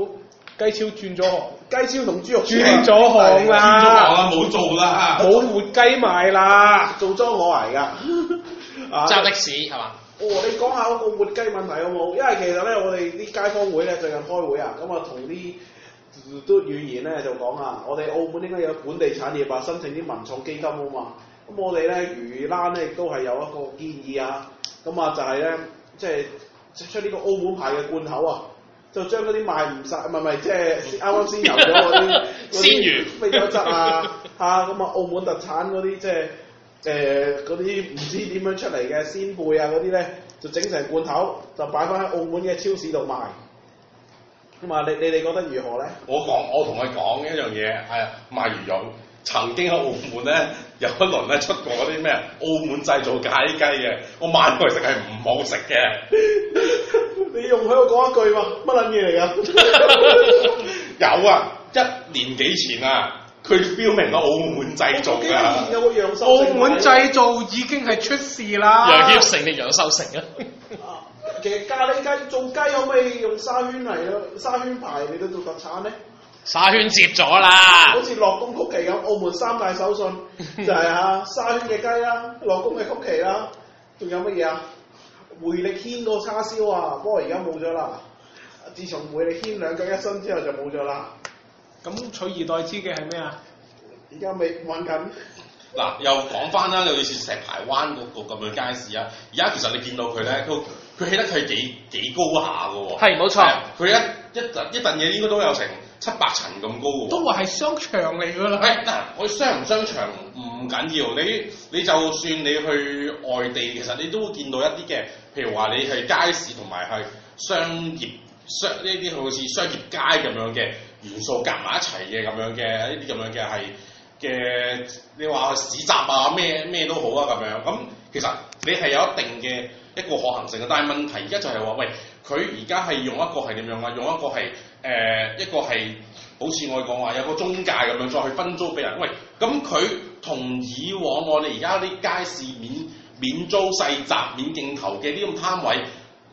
雞超轉咗行。雞燒同豬肉串，轉咗行啦，轉咗行啦，冇做啦，冇活雞賣啦，做咗我嚟噶，揸、 *laughs* 啊、的士，係嘛？哦，你講下嗰個活雞問題好冇？因為其實咧，我哋啲街坊會咧最近開會啊，咁啊同啲都議員咧就講啊，我哋澳門應該有本地產業啊，申請啲民創基金啊嘛。咁、啊、我哋咧魚欄咧亦都係有一個建議啊。咁啊就係、是、咧，即係食出呢個澳門牌嘅罐頭啊！就將嗰啲賣唔晒，唔咪，即係啱啱先有咗嗰啲鮮魚、非洲鰭啊，吓，咁啊！澳門特產嗰啲即係誒嗰啲唔知點樣出嚟嘅鮮貝啊嗰啲咧，就整成罐頭，就擺返喺澳門嘅超市度賣。咁啊，你你哋覺得如何咧？我講，我同佢講一樣嘢係呀，賣魚肉。曾經喺澳門咧，有一輪咧，出過嗰啲咩澳門製造咖喱雞嘅，我買過食，係唔好食嘅。 *laughs* 你用喺我講一句嘛？乜撚嘢嚟啊？ *laughs* *laughs* 有啊，一年幾前啊，佢標明咗澳門製造㗎。澳門製造已經係出事啦。楊協成定楊秀成啊？ *laughs* 其實咖喱雞做雞可唔可以用沙圈嚟咯？沙圈牌你都做特產咧？沙圈接咗啦，好似樂宮曲奇咁，澳門三大手信 *laughs* 就係啊，沙圈嘅雞啦、啊，樂宮嘅曲奇啦，仲有乜嘢啊？回、啊、力軒個叉燒啊，不過而家冇咗啦。自從回力軒兩腳一伸之後就冇咗啦。咁取而代之嘅係咩啊？而家未玩緊。嗱、啊，又講返啦，尤其是石排灣嗰個咁嘅街市啊。而家其實你見到佢咧，佢佢起得佢係幾幾高下嘅喎。係冇錯，佢咧一凳一凳嘢應該都有成。七八層咁高喎，都話係商場嚟㗎啦。係嗱、哎，我商唔商場唔緊要，你你就算你去外地，其實你都會見到一啲嘅，譬如話你係街市同埋係商業商呢啲好似商業街咁樣嘅元素夾埋一齊嘅咁樣嘅呢啲咁樣嘅係嘅，你話市集啊咩咩都好啊咁樣。咁、嗯、其實你係有一定嘅一個可行性嘅，但係問題而家就係話喂，佢而家係用一個係點樣啊？用一個係。誒、呃、一個係好似我講話有個中介咁樣再去分租俾人，喂咁佢同以往我哋而家啲街市免免租世襲免競投嘅呢種攤位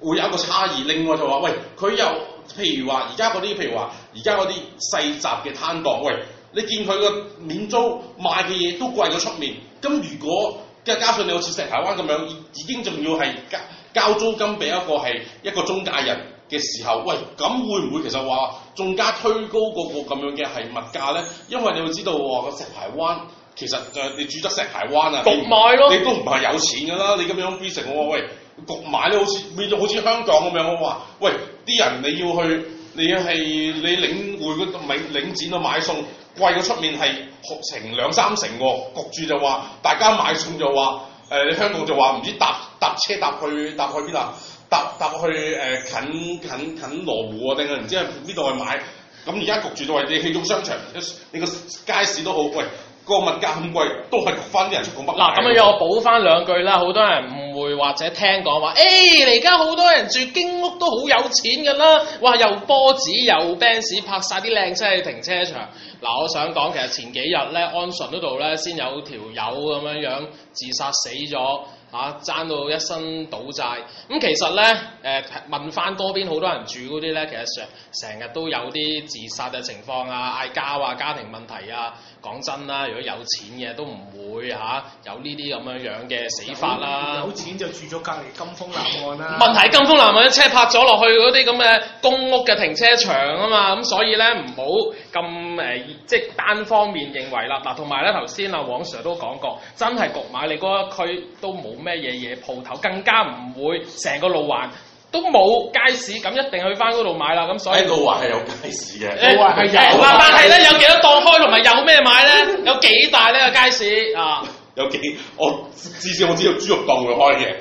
會有一個差異。另外就話、是，喂佢又譬如話而家嗰啲譬如話而家嗰啲世襲嘅攤檔，喂你見佢個免租賣嘅嘢都貴過出面，咁如果嘅加上你好似石排灣咁樣已經仲要係加，交租金俾一個係一個中介人嘅時候，喂，咁會唔會其實話仲加推高嗰個咁樣嘅係物價咧？因為你會知道喎、哦，石排灣其實誒、呃，你住得石排灣啊，焗買咯，你都唔係有錢㗎啦，你咁樣變成我話喂，焗買咧好似變咗好似香港咁樣，我話喂，啲人你要去，你係你，你領匯嗰度領領展度買餸，貴過出面係成兩三成喎，焗住就話大家買餸就話。誒、呃，你香港就話唔知搭搭車搭去搭去邊度，搭搭去誒、呃、近近近羅湖啊，定係唔知係邊度去買，咁而家焗住都係啲氣宗商場，你個街市都好貴。個物價咁貴，都係焗翻啲人出國乜嘢？嗱、啊，咁樣樣我補翻兩句啦。好多人誤會或者聽講話，誒，而家好多人住經屋都好有錢㗎啦。哇，又波子又 band 拍晒啲靚車喺停車場。嗱、啊，我想講其實前幾日咧，安順嗰度咧先有條友咁樣樣自殺死咗，嚇、啊，爭到一身賭債。咁、啊、其實咧，誒、呃、問翻嗰邊好多人住嗰啲咧，其實成成日都有啲自殺嘅情況啊，嗌交啊，家庭問題啊。講真啦，如果有錢嘅都唔會嚇、啊、有呢啲咁樣樣嘅死法啦有。有錢就住咗隔離金峰南岸啦、啊。 *laughs* 問題係金峰南岸車泊咗落去嗰啲咁嘅公屋嘅停車場啊嘛，咁、啊、所以咧唔好咁誒，即係單方面認為啦。嗱、啊，同埋咧頭先阿黃 Sir 都講過，真係焗買你嗰一區都冇咩嘢嘢鋪頭，更加唔會成個路環，都冇街市，咁一定去翻嗰度買啦。咁所以喺路環係有街市嘅，路環係有。嗱有，但係咧有幾多檔開同埋有咩買咧？有幾大呢、這個街市啊？有幾？我至少我知道豬肉檔會開嘅。誒，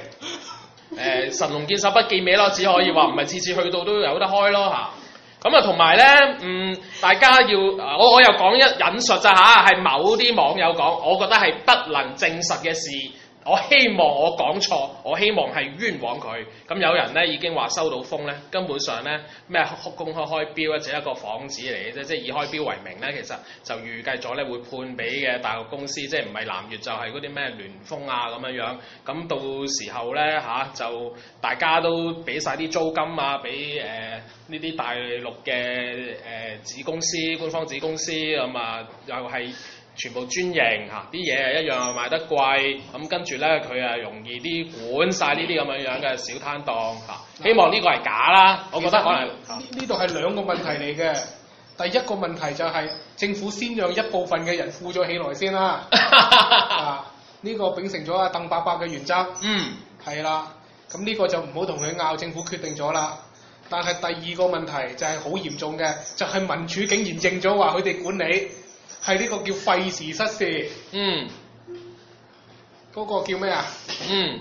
*laughs* 呃神龍見首不見尾咯，只可以話唔係次次去到都有得開咯吓，咁啊，同埋咧，嗯，大家要我我又講一引述咋吓，係某啲網友講，我覺得係不能證實嘅事。我希望我講錯，我希望係冤枉佢。咁有人咧已經話收到封咧，根本上咧咩公，公開開標咧，只係一個幌子嚟嘅啫，即係以開標為名咧，其實就預計咗咧會判俾嘅大陸公司，即係唔係南越就係嗰啲咩聯封啊咁樣樣。咁到時候咧吓、啊，就大家都俾晒啲租金啊，俾誒呢啲大陸嘅誒、呃、子公司官方子公司咁啊，又係。全部專營嚇，啲、啊、嘢一樣，賣得貴。咁、啊、跟住呢，佢就容易啲管晒呢啲咁樣樣嘅小攤檔嚇、啊。希望呢個係假啦，我覺得可能呢度係兩個問題嚟嘅。第一個問題就係政府先讓一部分嘅人富咗起來先啦、啊。呢、 *laughs* 啊這個秉承咗阿鄧伯伯嘅原則。嗯，係啦、啊。咁呢個就唔好同佢拗，政府決定咗啦。但係第二個問題就係好嚴重嘅，就係、是、民署竟然認咗話佢哋管理。係呢個叫費時失事，嗯，嗰個叫咩啊？嗯，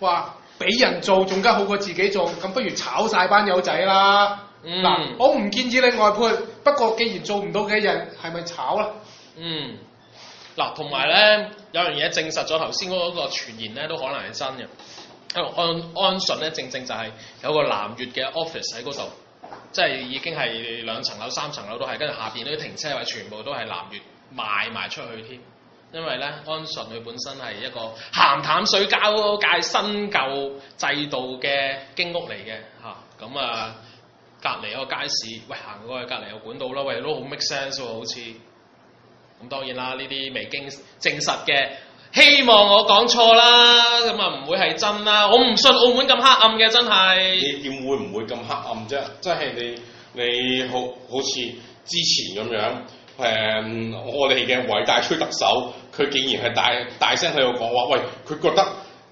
話俾人做仲加好過自己做，咁不如炒晒班友仔啦。嗱、嗯，我唔建議你外判，不過既然做唔到嘅人，係咪炒啊？嗯，嗱，同埋咧有樣嘢證實咗頭先嗰個傳言咧，都可能係真嘅。安安順咧，正正就係有個南越嘅 office 喺嗰度。即係已經係兩層樓、三層樓都係，跟住下邊啲停車位全部都係南越賣埋出去添。因為呢安順佢本身係一個鹹淡水交界新舊制度嘅經屋嚟嘅。嚇咁啊隔離、嗯啊、有個街市，喂行過去隔離有管道啦，喂都好 make sense 喎，好似咁當然啦，呢啲未經證實嘅。希望我講錯啦，咁啊唔會係真啦，我唔信澳門咁黑暗嘅真係、就是。你點會唔會咁黑暗啫？即係你你好好似之前咁樣，誒、嗯，我哋嘅偉大崔特首，佢竟然係大大聲喺度講話，喂，佢覺得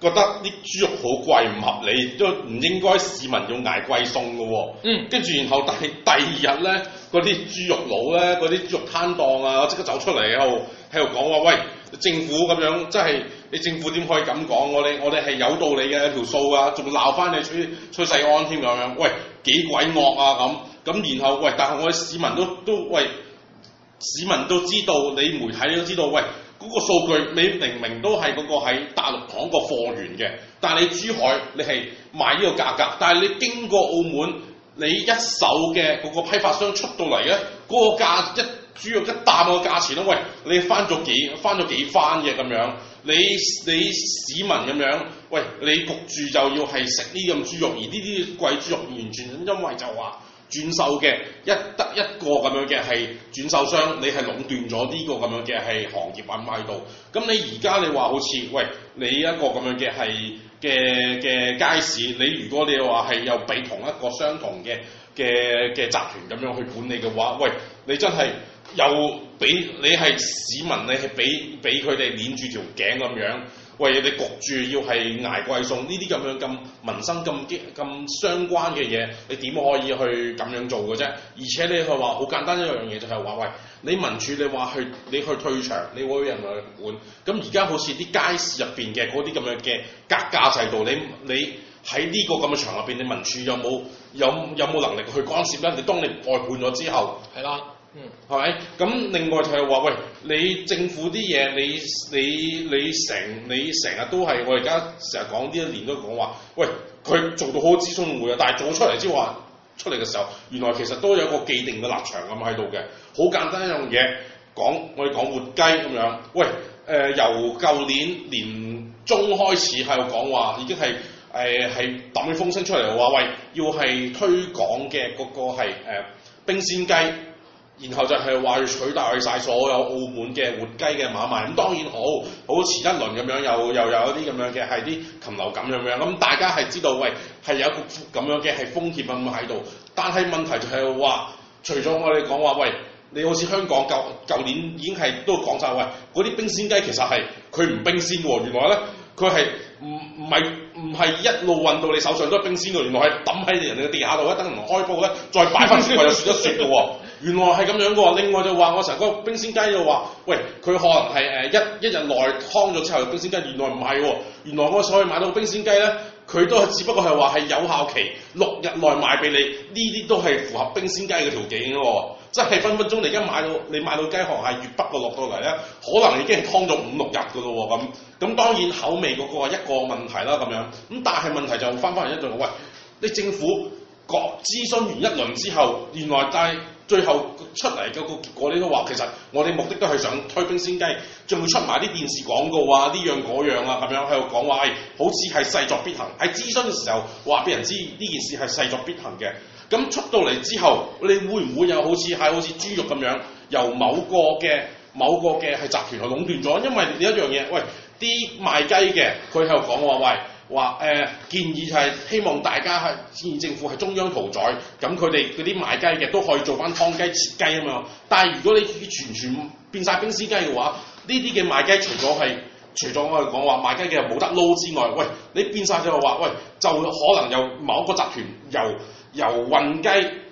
覺得啲豬肉好貴唔合理，都唔應該市民要捱貴餸噶喎。嗯。跟住然後但係第二日咧，嗰啲豬肉佬咧，嗰啲肉攤檔啊，即刻走出嚟喺度喺度講話，喂。政府咁樣，即係你政府點可以咁講？我哋我哋係有道理嘅，有條數啊，仲鬧翻你出出世安添咁樣，喂，幾鬼惡啊咁咁，然後喂，但係我哋市民都都喂，市民都知道，你媒體都知道，喂，嗰個數據你明明都係嗰個喺大陸港個貨源嘅，但係你珠海你係賣呢個價格，但係你經過澳門，你一手嘅嗰個批發商出到嚟咧，嗰個價一。豬肉一啖個價錢咯，喂，你翻咗幾翻咗幾番嘅咁樣，你你市民咁樣，喂，你焗住就要係食呢種豬肉，而呢啲貴豬肉完全因為就話轉售嘅一得一個咁樣嘅係轉售商，你係壟斷咗呢個咁樣嘅係行業運喺度。咁你而家你話好似，喂，你一個咁樣嘅係嘅嘅街市，你如果你話係又俾同一個相同嘅嘅嘅集團咁樣去管理嘅話，喂，你真係～又俾你係市民，你係俾俾佢哋捏住條頸咁樣，喂，你焗住要係捱貴餸呢啲咁樣咁民生咁激咁相關嘅嘢，你點可以去咁樣做嘅啫？而且你係話好簡單一樣嘢，就係，就係話喂，你民署你話去你去退場，你會有人去管？咁而家好似啲街市入邊嘅嗰啲咁樣嘅格價制度，你你喺呢個咁嘅場入邊，你民署有冇有有冇能力去干涉咧？你當你外判咗之後，係啦。嗯，係咪？咁另外就係話，喂，你政府啲嘢，你你你成你成日都係，我而家成日講呢一年都講話，喂，佢做到好多諮詢會啊，但係做出嚟之後話出嚟嘅時候，原來其實都有個既定嘅立場咁喺度嘅。好簡單一樣嘢，講我哋講活雞咁樣，喂，誒、呃、由舊年年中開始喺度講話，已經係誒係揼起風聲出嚟話，喂，要係推廣嘅嗰個係、呃、冰鮮雞。然後就係話要取代晒所有澳門嘅活雞嘅買賣，咁當然好，好似一輪咁樣，又又又有啲咁樣嘅係啲禽流感咁樣，咁大家係知道喂係有一個咁樣嘅係風險咁喺度，但係問題就係、係、話，除咗我哋講話喂，你好似香港舊舊年已經係都講晒，喂，嗰啲冰鮮雞其實係佢唔冰鮮喎，原來咧佢係。唔唔係唔係一路運到你手上都係冰鮮嘅，原來係抌喺人哋嘅地下度咧，一等唔開鋪咧，再擺翻先，就算一算嘅。原來係咁樣嘅喎。另外就話我成個冰鮮雞就話，喂，佢可能係誒一一日內劏咗之後嘅冰鮮雞，原來唔係喎。原來我所以買到冰鮮雞咧，佢都係只不過係話係有效期六日內賣俾你，呢啲都係符合冰鮮雞嘅條件。真係分分鐘你而家買到你買到雞殼係粵北個落到嚟咧，可能已經係劏咗五六日噶咯喎咁。咁當然口味嗰個係一個問題啦咁樣。咁但係問題就翻翻係一樣，喂，你政府個諮詢完一輪之後，原來但係最後出嚟嗰個結果，你都話其實我哋目的都係想推冰鮮雞，仲會出埋啲電視廣告啊呢樣嗰樣啊咁樣喺度講話，係、哎、好似係勢在必行。喺諮詢嘅時候話俾人知呢件事係勢在必行嘅。咁出到嚟之後，你會唔會又好似係好似豬肉咁樣，由某個嘅某個嘅係集團去壟斷咗？因為有一樣嘢，喂，啲賣雞嘅佢喺度講話，喂，話誒、呃、建議係希望大家係建議政府係中央屠宰，咁佢哋嗰啲賣雞嘅都可以做翻劏雞切雞啊嘛。但係如果你自己全全變晒冰鮮雞嘅話，呢啲嘅賣雞除咗係除咗我哋講話賣雞嘅冇得撈之外，喂，你變晒之後話，喂，就可能有某個集團又。由運雞、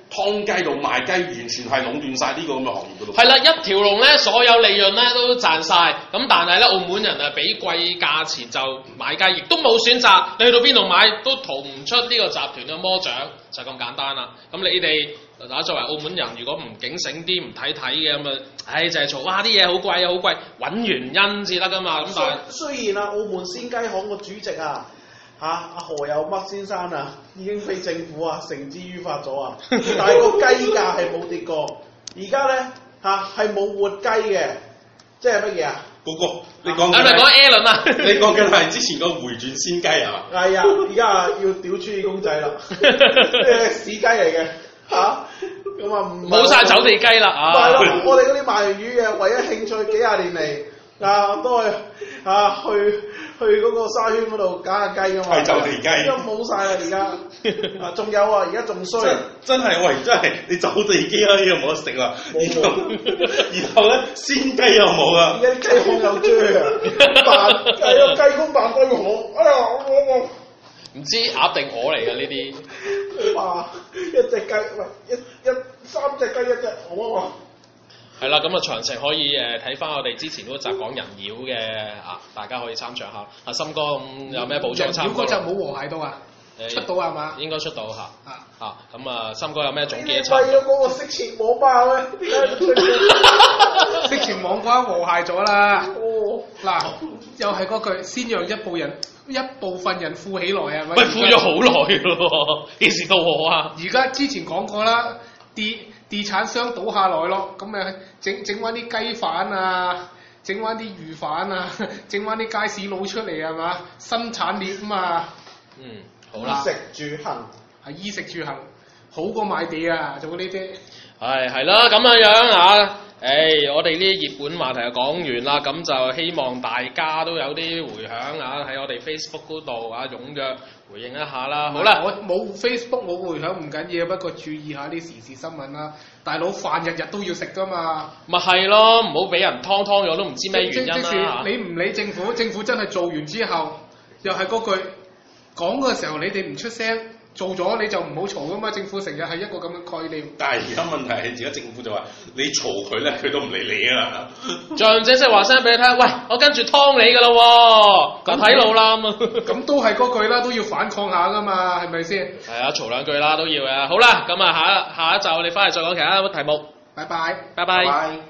劏雞到賣雞，完全係壟斷晒呢、這個咁嘅行業嗰度。係啦，一條龍咧，所有利潤咧都賺晒。咁但係咧，澳門人啊，俾貴價錢就買雞，亦都冇選擇。你去到邊度買都逃唔出呢個集團嘅魔掌，就咁、是、簡單啦、啊。咁你哋嗱，大家作為澳門人，如果唔警醒啲，唔睇睇嘅咁啊，唉，就係、是、嘈哇啲嘢好貴啊，好貴，揾原因至得㗎嘛。咁但係雖，雖然啊，澳門鮮雞行個主席啊。嚇！阿、啊、何有乜先生啊，已經被政府啊繩之於法咗啊！但係個雞價係冇跌過。而家咧吓，係冇活雞嘅，即係乜嘢啊？哥哥，你講緊係咪講 Alan 啊？你講緊係之前個回轉先雞啊？嘛？係啊！而家啊，要屌豬公仔啦，誒屎、啊、雞嚟嘅吓？咁啊唔冇曬走地雞啦！係咯，我哋嗰啲賣魚嘅唯一興趣幾廿年嚟啊都係啊去。去嗰個沙圈嗰度揀下雞㗎嘛，係走地雞都冇晒啦而家，啊仲有，有啊而家仲衰，真係喂真係你走地雞啦，呢個冇得食啦，了然後 *laughs* 然後咧鮮雞又冇啊，而家啲雞好有嘴啊，白雞雞公白雞鵝。哎呀我我唔知鴨定鵝嚟㗎呢啲，佢哇一隻雞喂一雞一,一,一三隻雞,一,三隻雞一隻鵝喎。嗯係啦，咁啊詳情可以誒睇翻我哋之前嗰集講人妖嘅啊，大家可以參詳下。阿、啊、森哥咁、嗯、有咩補充？人妖哥就冇和諧到啊，出到係嘛？應該出到吓，啊啊，咁啊，森哥有咩總結？係啦嗰個色情網吧咩？ *laughs* *laughs* 色情網關和諧咗啦。哦。嗱，又係嗰句，先讓一部人、一部分人富起來啊。係咪？喂，富咗好耐咯，幾時到我啊？而家之前講過啦，啲。地產商倒下來咯，咁啊，整整翻啲雞飯啊，整翻啲魚飯啊，整翻啲街市佬出嚟啊。嘛？生產鏈啊嘛。嗯，好啦。啊、衣食住行係衣食住行，好過買地啊！做呢啲。係係啦，咁嘅樣啊，誒、欸，我哋呢熱門話題就講完啦，咁就希望大家都有啲回響啊，喺我哋 Facebook 嗰度啊，踴躍，回應一下啦。好啦，啊、我冇 Facebook 冇回響唔緊要，不過注意下啲時事新聞啦、啊。大佬飯日日都要食㗎嘛。咪係咯，唔好俾人劏劏咗都唔知咩原因、啊、你唔理政府，政府真係做完之後，又係嗰句講嘅時候，你哋唔出聲。做咗你就唔好嘈噶嘛，政府成日係一個咁嘅概念。但係而家問題係而家政府就話你嘈佢咧，佢都唔理你啊嘛。再者即係話聲俾你聽，喂，我跟住劏你噶啦喎，咁睇你路啦咁啊。咁都係嗰句啦，都要反抗下噶嘛，係咪先？係 *laughs* 啊，嘈兩句啦，都要啊。好啦，咁啊，下下一集我哋翻嚟再講其他嘅題目。拜拜，拜拜。